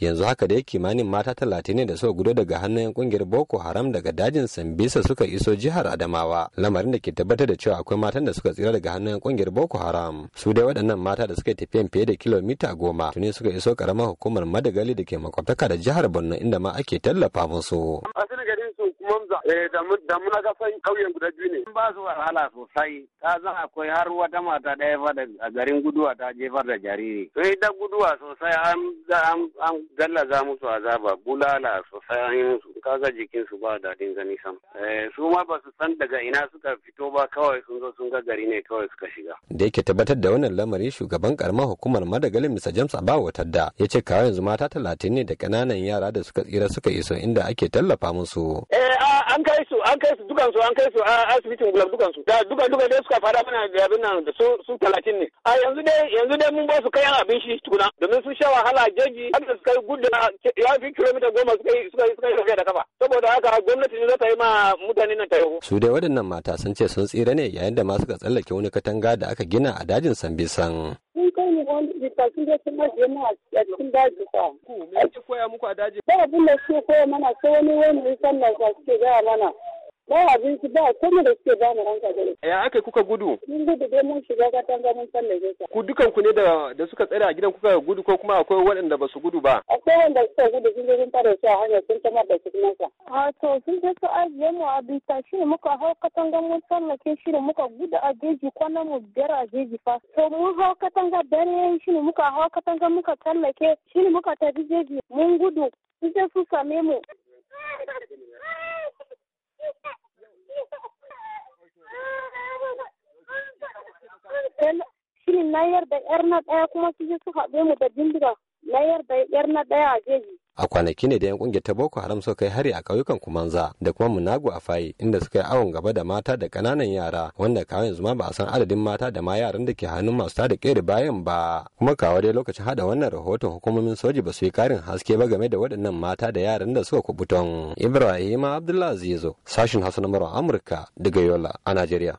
yanzu haka dai kimanin mata talatin ne da suka gudo daga hannun kungiyar boko haram daga dajin sambisa suka iso jihar adamawa lamarin da ke tabbatar da cewa akwai matan da suka tsira daga hannun kungiyar boko haram su dai waɗannan mata da suka tafiyan fiye da kilomita goma tuni suka iso karamar hukumar madagali da ke makwabtaka da jihar borno inda ma ake tallafa musu monza eh, da muna ga san ƙauyen guda biyu ne. ba su wahala sosai ka zan akwai har wata mata ɗaya fa da a garin guduwa ta jefar da jariri. to eh, da guduwa sosai an gallaza musu azaba bulala sosai an yi musu kaga su ba daɗin gani sam. Eh, su ma ba su san daga ina suka fito ba kawai sun zo sun ga gari ne kawai suka shiga. da yake tabbatar da wannan lamari shugaban karamar hukumar madagalin mr james abawa tadda ya ce kawai yanzu mata talatin ne da ƙananan yara da suka tsira suka iso inda ake tallafa musu. eh an kai su an kai su dukan su an kai su a asibitin gulag dukan su da duka duka dai suka fara mana da abin nan da su su talatin ne a yanzu dai yanzu dai mun ba su kayan abin shi tukuna domin sun sha wahala jeji har da suka gudu ya fi kilomita goma suka yi suka yi suka yi da kafa saboda haka gwamnati ne za ta yi ma mutane nan tayo su dai waɗannan mata sun ce sun tsira ne yayin da ma suka tsallake wani katanga da aka gina a dajin Sambisan yi wani jirka sun je sun maje mu a cikin daji fa. Ku me yake koya muku a daji? Ba abin da suke koya mana sai wani wani sallar da suke gaya mana. ba abinci ba komai da suke ba mu ranka gari. Ya aka kuka gudu? Mun gudu dai mun shiga katanga mun tsallake ta. Ku dukan ku ne da da suka tsaya a gidan kuka gudu ko kuma akwai waɗanda ba su gudu ba? Akwai wanda suka gudu sun je sun fara su a hanyar sun tamar da su kuma sa. A to sun je su ajiye mu a bisa shi ne muka hau katanga mun ke shi ne muka gudu a jeji kwanan mu biyar a jeji fa. To mun hau katanga dare shi ne muka hau katanga muka ke, shi ne muka tafi jeji mun gudu. Sun je su same mu na yarda da yar na daya kuma su yi su haɗe mu da bindiga na yarda yar na daya a jeji. A kwanaki ne da 'yan kungiyar ta Boko Haram suka kai hari a ƙauyukan Kumanza da kuma Munagu a Fayi inda suka yi awon gaba da mata da ƙananan yara wanda kawo yanzu ma ba a san adadin mata da ma yaran da ke hannun masu tada ƙere bayan ba. Kuma kawo dai lokacin hada wannan rahoton hukumomin soji ba su yi ƙarin haske ba game da waɗannan mata da yaran da suka kubuton. Ibrahim Abdullahi Zizo, sashin Hausa na Amurka daga Yola a Najeriya.